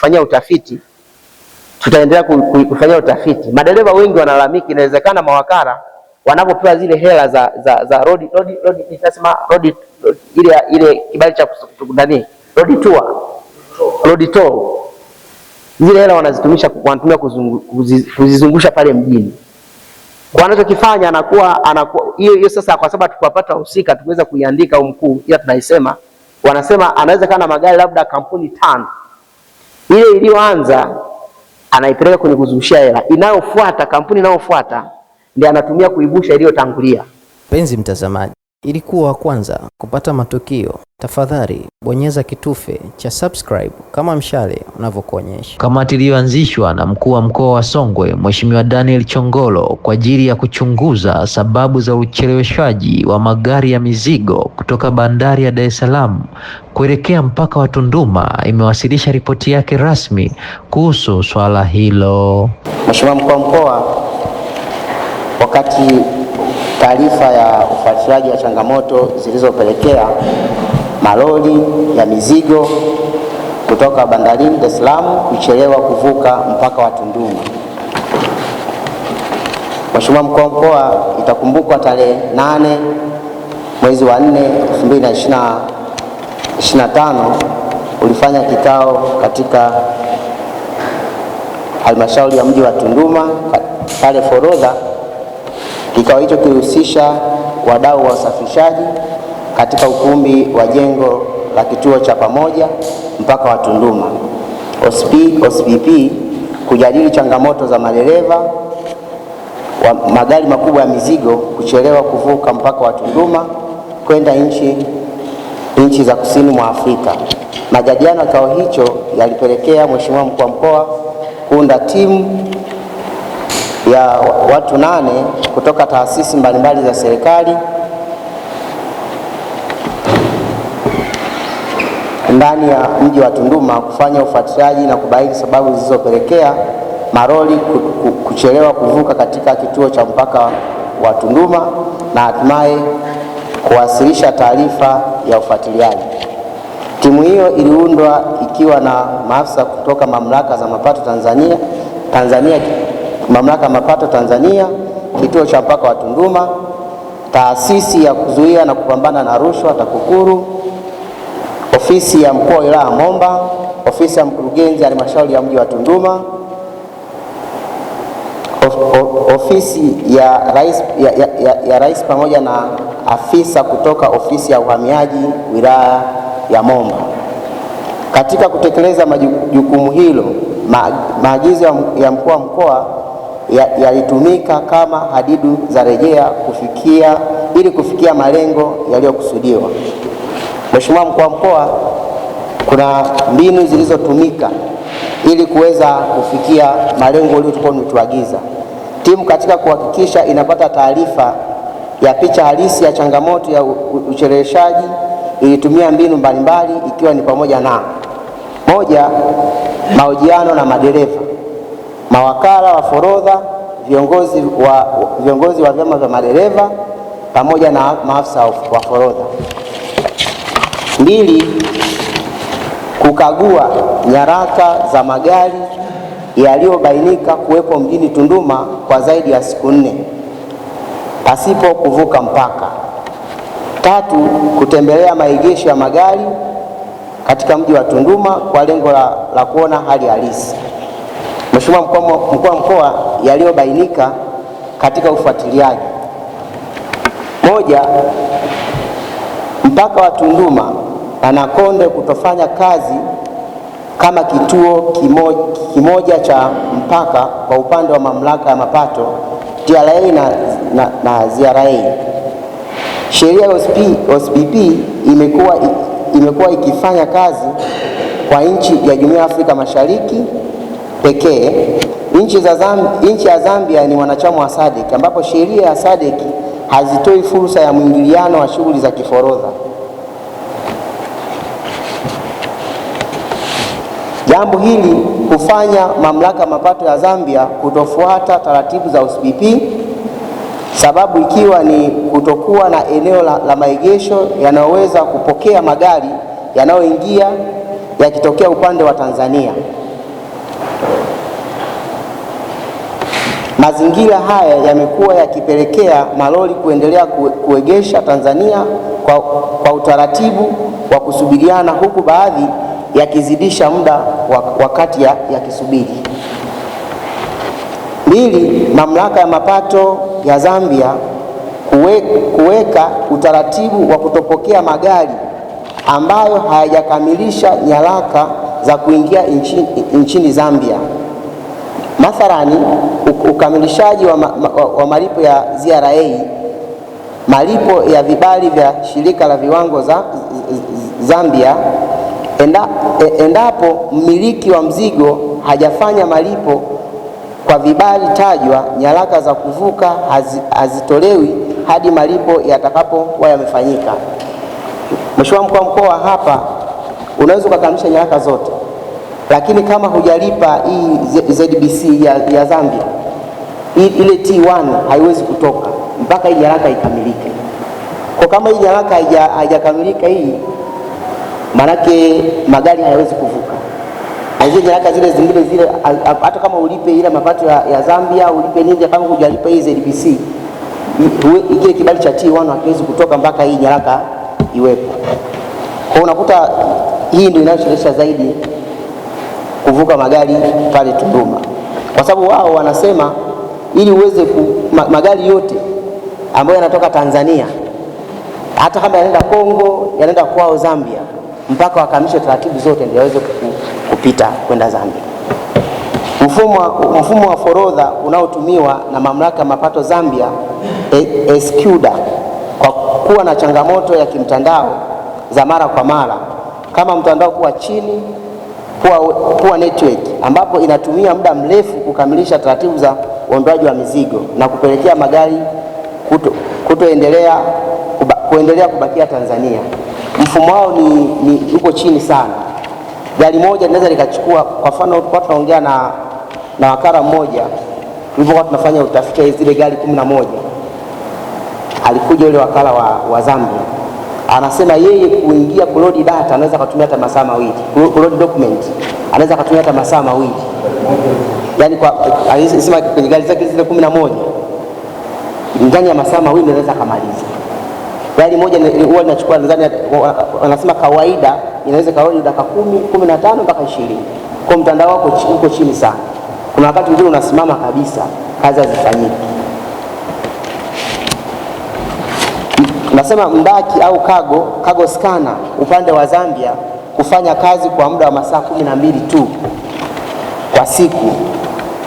kufanyia utafiti, tutaendelea kufanyia utafiti. Madereva wengi wanalalamika, inawezekana mawakala wanapopewa zile hela za za za road road road, nitasema road ile ile kibali cha kukutania road tour road tour, zile hela wanazitumisha wanatumia kuzizungusha pale mjini. Kwa anachokifanya anakuwa anakuwa hiyo hiyo. Sasa kwa sababu tukapata husika tuweza kuiandika au mkuu, ila tunaisema wanasema anaweza kana magari labda kampuni tano ile iliyoanza anaipeleka kwenye kuzungushia hela, inayofuata kampuni inayofuata ndiyo anatumia kuibusha iliyotangulia. Mpenzi mtazamaji, ili kuwa wa kwanza kupata matukio Tafadhali bonyeza kitufe cha subscribe kama mshale unavyokuonyesha. Kamati iliyoanzishwa na mkuu wa mkoa wa Songwe Mheshimiwa Daniel Chongolo kwa ajili ya kuchunguza sababu za ucheleweshaji wa magari ya mizigo kutoka bandari ya Dar es Salaam kuelekea mpaka wa Tunduma imewasilisha ripoti yake rasmi kuhusu swala hilo. Mheshimiwa mkuu wa mkoa, wakati taarifa ya ufuatiliaji wa changamoto zilizopelekea malori ya mizigo kutoka bandarini Dar es Salaam kuchelewa kuvuka mpaka wa Tunduma. Mheshimiwa mkuu wa mkoa, itakumbukwa tarehe 8 mwezi wa 4 2025 ulifanya kikao katika halmashauri ya mji wa Tunduma pale Forodha. Kikao hicho kilihusisha wadau wa usafirishaji katika ukumbi wa jengo la kituo cha pamoja mpaka wa Tunduma OSPP kujadili changamoto za madereva wa magari makubwa ya mizigo kuchelewa kuvuka mpaka wa Tunduma kwenda nchi nchi za kusini mwa Afrika. Majadiliano ya kikao hicho yalipelekea Mheshimiwa mkuu wa mkoa kuunda timu ya watu nane kutoka taasisi mbalimbali za serikali ndani ya mji wa Tunduma kufanya ufuatiliaji na kubaini sababu zilizopelekea maroli kuchelewa kuvuka katika kituo cha mpaka wa Tunduma na hatimaye kuwasilisha taarifa ya ufuatiliaji. Timu hiyo iliundwa ikiwa na maafisa kutoka mamlaka za mapato Tanzania, Tanzania mamlaka ya mapato Tanzania, kituo cha mpaka wa Tunduma, taasisi ya kuzuia na kupambana na rushwa TAKUKURU ofisi ya mkuu wa wilaya ya Momba, ofisi ya mkurugenzi halmashauri ya mji wa Tunduma, of, of, ofisi ya rais, ya, ya, ya, ya rais pamoja na afisa kutoka ofisi ya uhamiaji wilaya ya Momba. Katika kutekeleza majukumu hilo, maagizo ya mkuu wa mkoa yalitumika ya kama hadidu za rejea kufikia ili kufikia malengo yaliyokusudiwa. Mheshimiwa mkuu wa mkoa, kuna mbinu zilizotumika ili kuweza kufikia malengo uliotukuwa umetuagiza. Timu katika kuhakikisha inapata taarifa ya picha halisi ya changamoto ya ucheleweshaji ilitumia mbinu mbalimbali ikiwa ni pamoja na moja, mahojiano na madereva, mawakala wa forodha, viongozi wa, viongozi wa vyama vya madereva pamoja na maafisa wa forodha. Mbili, kukagua nyaraka za magari yaliyobainika kuwepo mjini Tunduma kwa zaidi ya siku nne pasipo kuvuka mpaka. Tatu, kutembelea maegesho ya magari katika mji wa Tunduma kwa lengo la, la kuona hali halisi. Mheshimiwa Mkuu wa Mkoa, yaliyobainika katika ufuatiliaji: moja, mpaka wa Tunduma Anakonde kutofanya kazi kama kituo kimoja, kimoja cha mpaka kwa upande wa mamlaka ya mapato TRA na, na, na ZRA. Sheria ya OSPP imekuwa imekuwa ikifanya kazi kwa nchi ya Jumuiya ya Afrika Mashariki pekee. Nchi za Zambia, nchi ya Zambia ni mwanachama wa SADC e ambapo sheria ya SADC e hazitoi fursa ya mwingiliano wa shughuli za kiforodha. Jambo hili hufanya mamlaka mapato ya Zambia kutofuata taratibu za USBP, sababu ikiwa ni kutokuwa na eneo la, la maegesho yanayoweza kupokea magari yanayoingia yakitokea upande wa Tanzania. Mazingira haya yamekuwa yakipelekea malori kuendelea kuegesha Tanzania kwa, kwa utaratibu wa kusubiriana huku baadhi yakizidisha muda wakati yakisubiri. Mbili, mamlaka ya mapato ya Zambia kuweka utaratibu wa kutopokea magari ambayo hayajakamilisha nyaraka za kuingia nchini, nchini Zambia. Mathalani, ukamilishaji wa, ma, wa, wa malipo ya ZRA, malipo ya vibali vya shirika la viwango za Zambia Enda, e-, endapo mmiliki wa mzigo hajafanya malipo kwa vibali tajwa, nyaraka za kuvuka hazitolewi hadi malipo yatakapokuwa yamefanyika. Mheshimiwa mkuu wa mkoa, hapa unaweza ukakamilisha nyaraka zote, lakini kama hujalipa hii ZBC ya, ya Zambia ile T1 haiwezi kutoka mpaka hii nyaraka ikamilike. Kwa kama hii nyaraka haijakamilika hii Maanake magari hayawezi kuvuka hizo nyaraka zile zingine zile, hata kama ulipe ila mapato ya, ya Zambia ulipe nini, kama hujalipa hii ZBC, ile kibali cha T1 hakiwezi kutoka mpaka hii nyaraka iwepo. Kwa unakuta hii ndio inayochelewesha zaidi kuvuka magari pale Tunduma, kwa sababu wao wanasema ili uweze ku, ma, magari yote ambayo yanatoka Tanzania hata kama yanaenda Kongo, yanaenda kwao Zambia mpaka wakamilishe taratibu zote ndio waweze kupita kwenda Zambia. Mfumo wa forodha unaotumiwa na mamlaka ya mapato Zambia escuda eh, kwa kuwa na changamoto ya kimtandao za mara kwa mara, kama mtandao kuwa chini, kuwa network, ambapo inatumia muda mrefu kukamilisha taratibu za uondoaji wa mizigo na kupelekea magari kuto, kutoendelea kuba, kuendelea kubakia Tanzania mfumo wao ni, ni uko chini sana. Gari moja linaweza likachukua, kwa mfano kwa tunaongea na, na wakala mmoja tulivyokuwa tunafanya utafiti zile gari kumi na moja alikuja yule wakala wa, wa Zambia anasema yeye kuingia kulodi data anaweza kutumia hata masaa mawili, kulodi document anaweza kutumia hata masaa mawili, yani kwa alisema kwenye gari zake zile kumi na moja ndani ya masaa mawili anaweza kamaliza gari moja huwa linachukua nadhani wanasema kawaida inaweza kawaida dakika kumi kumi na tano mpaka ishirini kwa mtandao wako uko chini sana. Kuna wakati mwingine unasimama kabisa, kazi hazifanyiki. Nasema mdaki au kago kago skana upande wa Zambia kufanya kazi kwa muda wa masaa kumi na mbili tu kwa siku,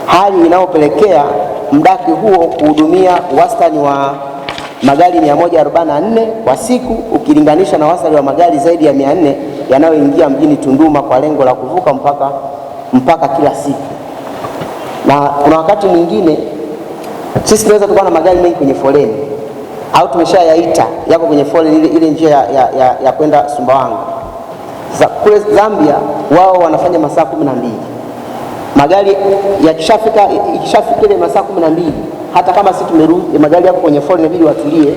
hali inayopelekea mdaki huo kuhudumia wastani wa magari 144 kwa siku ukilinganisha na wasali wa magari zaidi ya 400 yanayoingia mjini Tunduma kwa lengo la kuvuka mpaka, mpaka kila siku. Na kuna wakati mwingine sisi tunaweza tukawa na magari mengi kwenye foleni au tumeshayaita yako kwenye foleni ile, ile njia ya, ya, ya, ya kwenda Sumbawanga. Sasa kule Zambia wao wanafanya masaa kumi na mbili magari yakishafika ikishafika ile masaa kumi na mbili hata kama sisi tumerudi magari yako kwenye foleni, inabidi watulie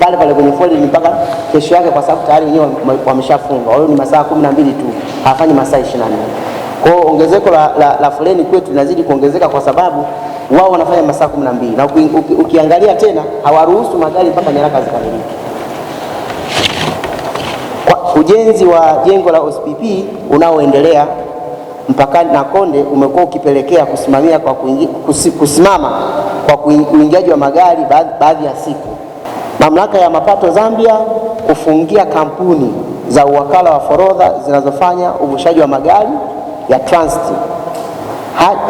pale pale kwenye foleni mpaka kesho yake, kwa sababu tayari wenyewe wameshafunga. Wao ni masaa kumi na mbili tu, hawafanyi masaa ishirini na nne. Kwa hiyo ongezeko la, la, la foleni kwetu linazidi kuongezeka kwa sababu wao wanafanya masaa kumi na mbili na uki, uki, ukiangalia tena hawaruhusu magari mpaka nyaraka zikamilike. Kwa ujenzi wa jengo la OSPP unaoendelea mpakani na Konde umekuwa ukipelekea kusimamia kwa kuingi, kusimama kwa uingiaji wa magari baadhi ya siku. Mamlaka ya mapato Zambia kufungia kampuni za uwakala wa forodha zinazofanya uvushaji wa magari ya transit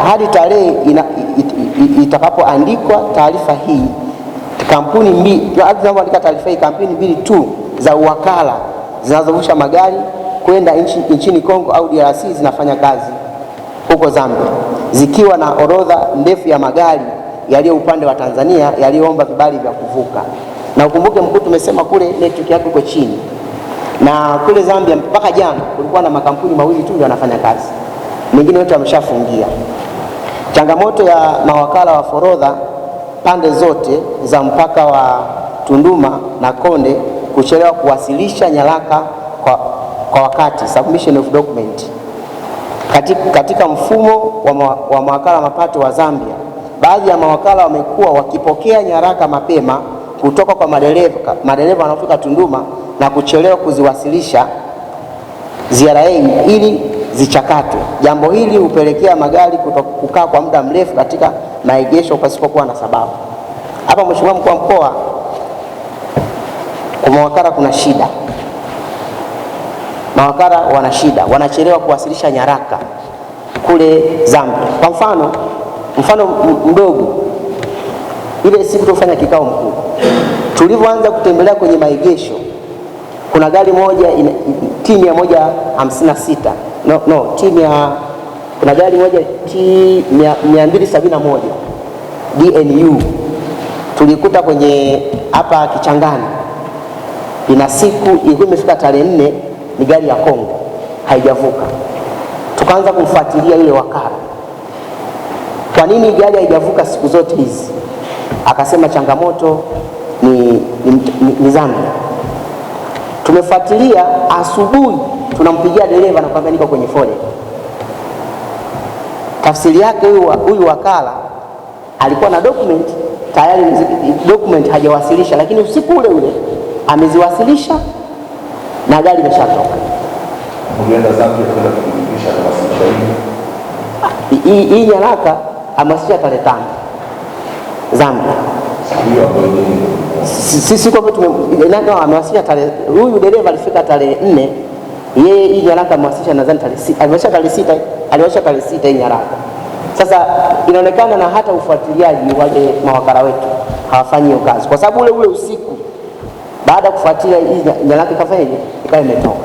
hadi tarehe it, it, itakapoandikwa taarifa hii kampuni mbili tunapoandika taarifa hii kampuni mbili tu za uwakala zinazovusha magari kwenda nchini Kongo au DRC zinafanya kazi huko Zambia zikiwa na orodha ndefu ya magari yaliyo upande wa Tanzania yaliyoomba vibali vya kuvuka, na ukumbuke mkuu, tumesema kule network yako iko chini, na kule Zambia mpaka jana kulikuwa na makampuni mawili tu yanafanya kazi, mengine yote wameshafungia. Changamoto ya mawakala wa forodha pande zote za mpaka wa Tunduma na Konde kuchelewa kuwasilisha nyaraka kwa, kwa wakati submission of document katika, katika mfumo wa mawakala mapato wa Zambia baadhi ya mawakala wamekuwa wakipokea nyaraka mapema kutoka kwa madereva madereva wanaofika Tunduma na kuchelewa kuziwasilisha ZRA ili zichakatwe. Jambo hili hupelekea magari kukaa kwa muda mrefu katika maegesho pasipokuwa na sababu. Hapa Mheshimiwa Mkuu wa Mkoa, kwa mawakala kuna shida. Mawakala wana shida, wanachelewa kuwasilisha nyaraka kule Zambia. Kwa mfano Mfano mdogo, ile siku tulifanya kikao mkuu, tulivyoanza kutembelea kwenye maegesho, kuna gari moja timu ya moja hamsini na sita no, no timu ya kuna gari moja T 271 DNU tulikuta kwenye hapa Kichangani, ina siku ilikuwa imefika tarehe nne, ni gari ya Kongo haijavuka. Tukaanza kumfuatilia yule wakala kwa nini gari haijavuka siku zote hizi? Akasema changamoto ni, ni, ni, ni zambi. Tumefuatilia asubuhi, tunampigia dereva na kwambia niko kwenye fole. Tafsiri yake huyu wakala alikuwa na document tayari, document hajawasilisha, lakini usiku ule ule ameziwasilisha na gari imeshatoka. Hii nyaraka ameanzisha tarehe tano zambi sisi amewasilisha tarehe, huyu dereva alifika tarehe nne. Yeye hii nyaraka amewasilisha nadhani tarehe sita, aliwasha tarehe sita, aliwasha tarehe sita hii nyaraka. Sasa inaonekana na hata ufuatiliaji wale mawakala wetu hawafanyi hiyo kazi, kwa sababu ule ule usiku baada ya kufuatilia hii nyaraka ikafanyaje, ikawa imetoka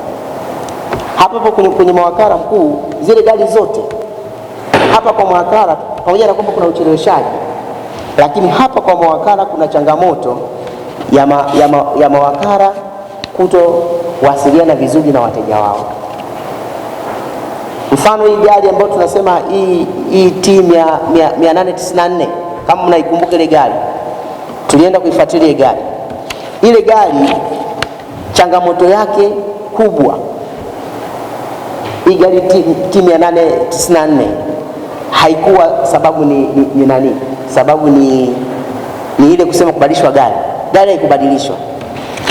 hapo hapo kwenye mawakala mkuu, zile gari zote hapa kwa mwakala, pamoja na kwamba kuna ucheleweshaji, lakini hapa kwa mwakala kuna changamoto ya, ma, ya, ma, ya mawakala kutowasiliana vizuri na wateja wao. Mfano hii gari ambayo tunasema hii hii T 894 kama mnaikumbuka ile gari, tulienda kuifuatilia ile gari. Ile gari changamoto yake kubwa hii gari T 894 haikuwa sababu ni, ni, ni nani? Sababu ni, ni ile kusema kubadilishwa gari, gari haikubadilishwa.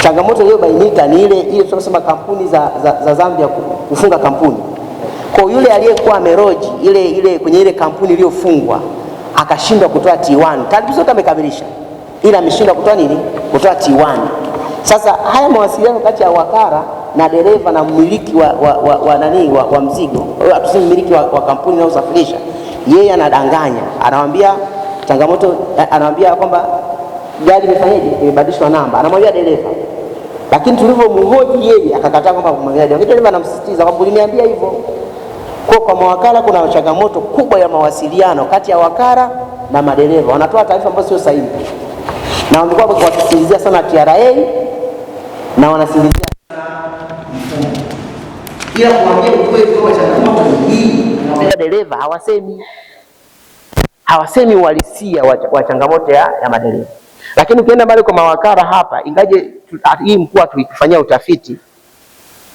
Changamoto iliyobainika ni ile ile tunasema kampuni za, za, za Zambia kufunga kampuni kwa yule aliyekuwa ameroji ile ile kwenye ile kampuni iliyofungwa akashindwa kutoa T1 karibu zote amekamilisha, ila ameshindwa kutoa nini? Kutoa T1. Sasa haya mawasiliano kati ya wakara na dereva na mmiliki wa, wa, wa, wa, nani wa, wa mzigo, tuseme mmiliki wa, wa kampuni inayosafirisha yeye anadanganya, anamwambia changamoto, eh, anamwambia kwamba gari imefanyaje, imebadilishwa namba, anamwambia dereva. Lakini tulivyomhoji yeye akakataa kwamba kumwambia dereva, dereva anamsisitiza kwamba uliniambia hivyo. Kwa kwa mawakala kuna changamoto kubwa ya mawasiliano kati ya wakala na madereva, wanatoa taarifa ambazo sio sahihi, na wamekuwa wakisingizia sana TRA na wanasingizia ila kuambia ukweli kwa changamoto hii tena dereva hawasemi, hawasemi uhalisia wa changamoto ya, ya madereva. Lakini ukienda mbali kwa mawakala hapa, ingaje ah, hii mkuu tuikifanyia utafiti,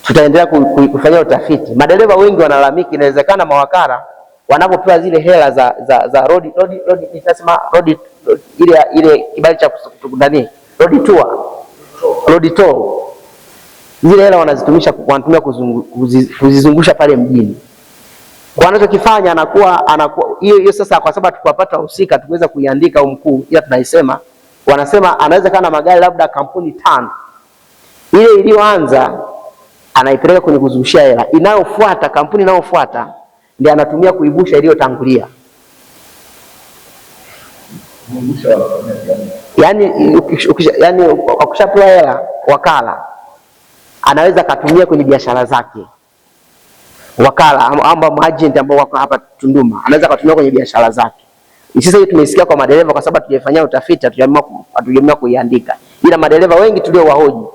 tutaendelea kufanyia utafiti. Madereva wengi wanalalamika, inawezekana mawakala wanapopewa zile hela za za za road road road, nitasema road ile ile kibali cha kutukudani road tour road tour, zile hela wanazitumisha wanatumia kuzizungusha pale mjini kwa anachokifanya anakuwa anakuwa hiyo hiyo. Sasa kwa sababu tukapata husika tuweza kuiandika au mkuu, ila tunaisema, wanasema anaweza kana magari labda kampuni tano, ile iliyoanza anaipeleka kwenye kuzungushia hela, inayofuata kampuni inayofuata ndio anatumia kuibusha iliyotangulia. Yani ukishapewa yaani, hela wakala, anaweza akatumia kwenye biashara zake wakala ama agent ambao wako hapa Tunduma anaweza akatumia kwenye biashara zake. Sasa hii tumeisikia kwa madereva, kwa sababu hatujafanyia utafiti, hatujaamua kuiandika, ila madereva wengi tulio tuliowahoji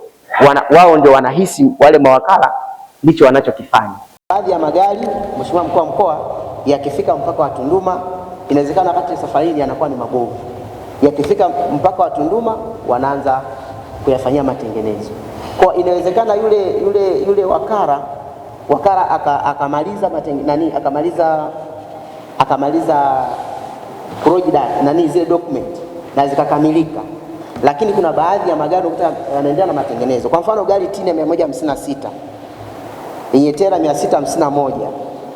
wao ndio wanahisi wale mawakala ndicho wanachokifanya. Baadhi ya magari, mheshimiwa mkuu wa mkoa, yakifika mpaka wa Tunduma, inawezekana wakati safari yanakuwa ni mabovu. Yakifika mpaka wa Tunduma, wanaanza kuyafanyia matengenezo, kwa inawezekana yule, yule, yule wakala Wakala akamaliza aka nani akamaliza akamaliza projida nani zile document na zikakamilika, lakini kuna baadhi ya magari ukuta yanaendelea na matengenezo. Kwa mfano gari Tina 156 yenye tera 651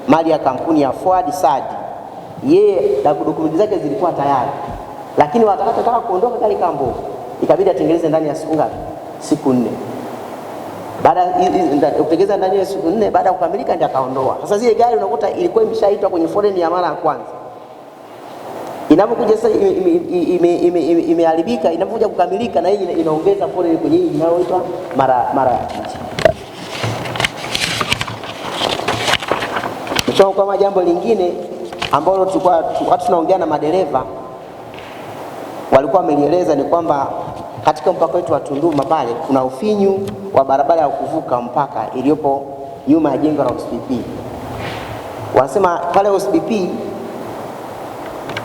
mali ya kampuni ya Ford Sad, yeye dokumenti zake zilikuwa tayari, lakini watakataka kuondoka gari kambo, ikabidi atengeneze ndani ya siku ngapi? Siku nne baada upegeza ndani ya siku nne baada ya kukamilika ndio akaondoa. Sasa zile gari unakuta ilikuwa imeshaitwa kwenye foreni ya mara ya kwanza, inapokuja sasa imeharibika, inapokuja kukamilika na hii inaongeza foreni kwenye hii inayoitwa mara mara ya kwanza. Kama jambo lingine ambalo tulikuwa watu tunaongea na madereva walikuwa wamelieleza ni kwamba katika mpaka wetu wa Tunduma pale kuna ufinyu wa barabara ya kuvuka mpaka iliyopo nyuma ya jengo la OSPP. Wanasema pale OSPP,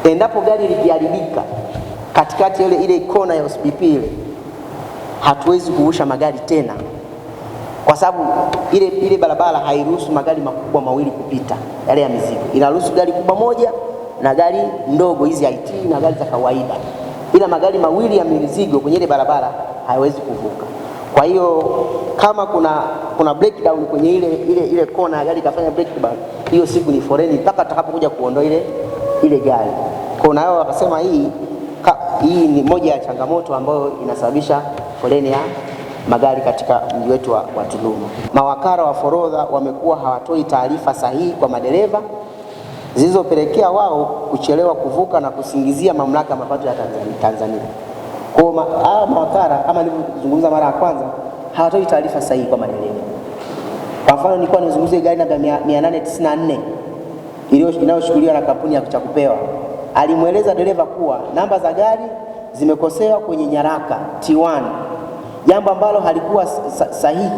endapo gari likiharibika katikati ile ile kona ya OSPP ile, hatuwezi kuvusha magari tena, kwa sababu ile ile barabara hairuhusu magari makubwa mawili kupita, yale ya mizigo. Inaruhusu gari kubwa moja na gari ndogo hizi IT na gari za kawaida ila magari mawili ya mizigo kwenye ile barabara hayawezi kuvuka. Kwa hiyo kama kuna kuna breakdown kwenye ile ile ile kona ya gari ikafanya breakdown, hiyo siku ni foreni mpaka atakapokuja kuondoa ile ile gari. Kwa hiyo wakasema hii ka, hii ni moja ya changamoto ambayo inasababisha foreni ya magari katika mji wetu wa, wa Tunduma. Mawakala wa forodha wamekuwa hawatoi taarifa sahihi kwa madereva zilizopelekea wao kuchelewa kuvuka na kusingizia mamlaka ya mapato ya Tanzania. Kwa ma, hawa mawakala kama nilivyozungumza mara ya kwanza hawatoi taarifa sahihi kwa madereva. Kwa mfano, nilikuwa nizungumzie gari namba 894 inayoshughuliwa na kampuni ya Chakupewa, alimweleza dereva kuwa namba za gari zimekosewa kwenye nyaraka T1, jambo ambalo halikuwa sahihi.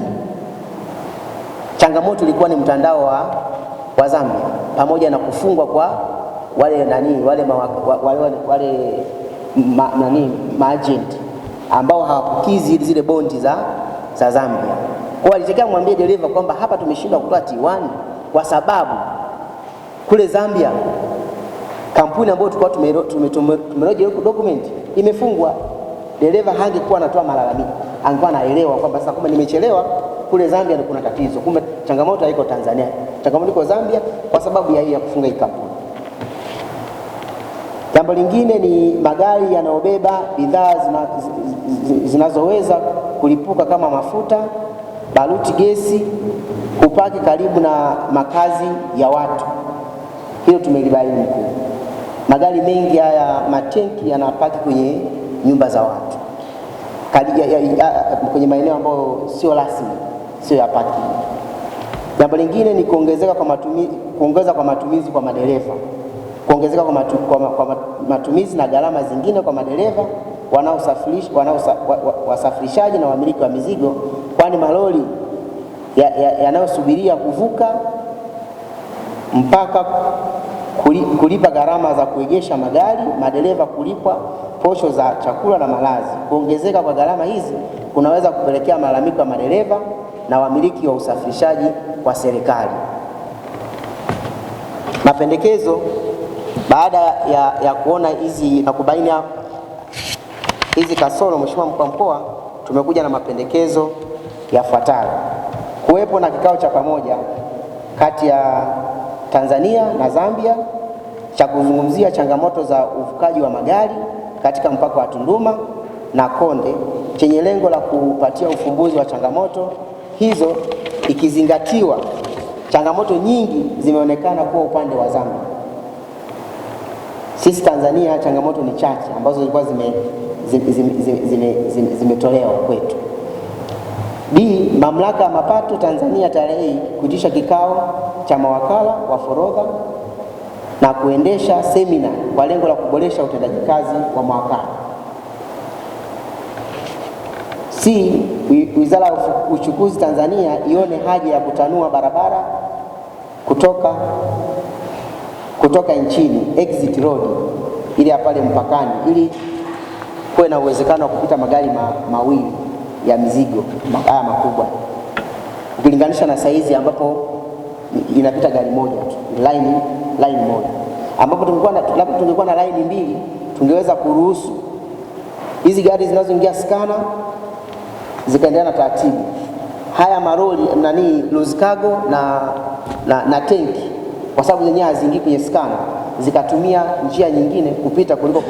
Changamoto ilikuwa ni mtandao wa, wa Zambia pamoja na kufungwa kwa wale nani wale wale, wale ma, nani maagent ambao hawapukizi zile bondi za, za Zambia. Kwa walitaka mwambie dereva kwamba hapa tumeshindwa kutoa T1 kwa sababu kule Zambia kampuni ambayo tulikuwa tumeroje document imefungwa. Dereva hangekuwa anatoa malalamiko, angekuwa anaelewa kwamba sasa kama nimechelewa kule Zambia kuna tatizo, kumbe changamoto haiko Tanzania, changamoto iko Zambia kwa sababu ya hii ya kufunga hii kampuni. Jambo lingine ni magari yanayobeba bidhaa zinazoweza kulipuka kama mafuta, baruti, gesi kupaki karibu na makazi ya watu, hilo tumelibaini. Magari mengi haya matenki yanapaki kwenye nyumba za watu kwenye maeneo ambayo sio rasmi sio ya Jambo lingine ni kuongezeka kwa matumizi, kuongeza kwa matumizi kwa madereva, kuongezeka kwa, matu, kwa, kwa matumizi na gharama zingine kwa madereva wanaosafirishaji wanao, wa, wa, na wamiliki wa mizigo, kwani malori yanayosubiria ya, ya kuvuka mpaka kulipa gharama za kuegesha magari, madereva kulipwa posho za chakula na malazi. Kuongezeka kwa gharama hizi kunaweza kupelekea malalamiko ya madereva na wamiliki wa usafirishaji kwa serikali. Mapendekezo baada ya, ya kuona hizi na kubaini hizi kasoro, Mheshimiwa Mkuu wa Mkoa, tumekuja na mapendekezo yafuatayo: kuwepo na kikao cha pamoja kati ya Tanzania na Zambia cha kuzungumzia changamoto za uvukaji wa magari katika mpaka wa Tunduma na Konde chenye lengo la kupatia ufumbuzi wa changamoto hizo ikizingatiwa, changamoto nyingi zimeonekana kuwa upande wa Zambia. Sisi Tanzania changamoto ni chache ambazo zilikuwa zimetolewa zime, zime, zime, zime, zime kwetu. B, mamlaka ya mapato Tanzania tarehe hii kuitisha kikao cha mawakala wa forodha na kuendesha semina kwa lengo la kuboresha utendaji kazi wa mawakala. C, Wizara ya Uchukuzi Tanzania ione haja ya kutanua barabara kutoka, kutoka nchini exit road ili apale mpakani ili kuwe na uwezekano wa kupita magari ma, mawili ya mizigo haya makubwa ukilinganisha na saizi ambapo inapita gari moja tu line, line moja ambapo tungekuwa na, tungekuwa na line mbili tungeweza kuruhusu hizi gari zinazoingia skana zikaendelea na taratibu. Haya maroli nani loose cargo na, na, na tenki kwa sababu zenyewe hazingii kwenye skana, zikatumia njia nyingine kupita kuliko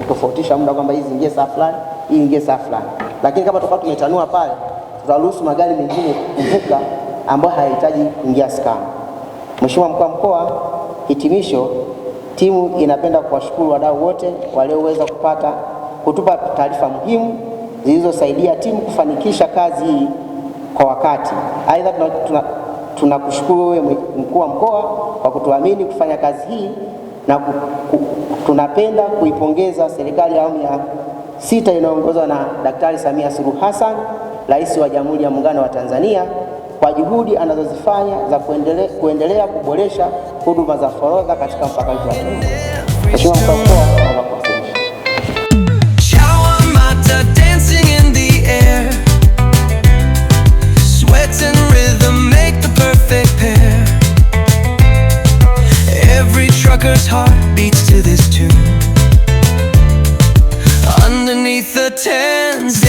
kutofautisha muda kwamba hii ziingie saa fulani, hii ingie saa fulani. Lakini kama tutakuwa tumetanua pale, tutaruhusu magari mengine kuvuka ambayo hayahitaji kuingia skana. Mheshimiwa mkuu wa mkoa, hitimisho, timu inapenda kuwashukuru wadau wote walioweza kupata kutupa taarifa muhimu zilizosaidia timu kufanikisha kazi hii kwa wakati. Aidha, tunakushukuru tuna, tuna wewe mkuu wa mkoa kwa kutuamini kufanya kazi hii na ku, ku, tunapenda kuipongeza serikali ya awamu ya sita inayoongozwa na Daktari Samia Suluhu Hassan, Rais wa Jamhuri ya Muungano wa Tanzania kwa juhudi anazozifanya za kuendelea, kuendelea kuboresha huduma za forodha katika mpaka wetu wa Mheshimiwa Mkuu wa Mkoa trucker's heart beats to this tune Underneath the tents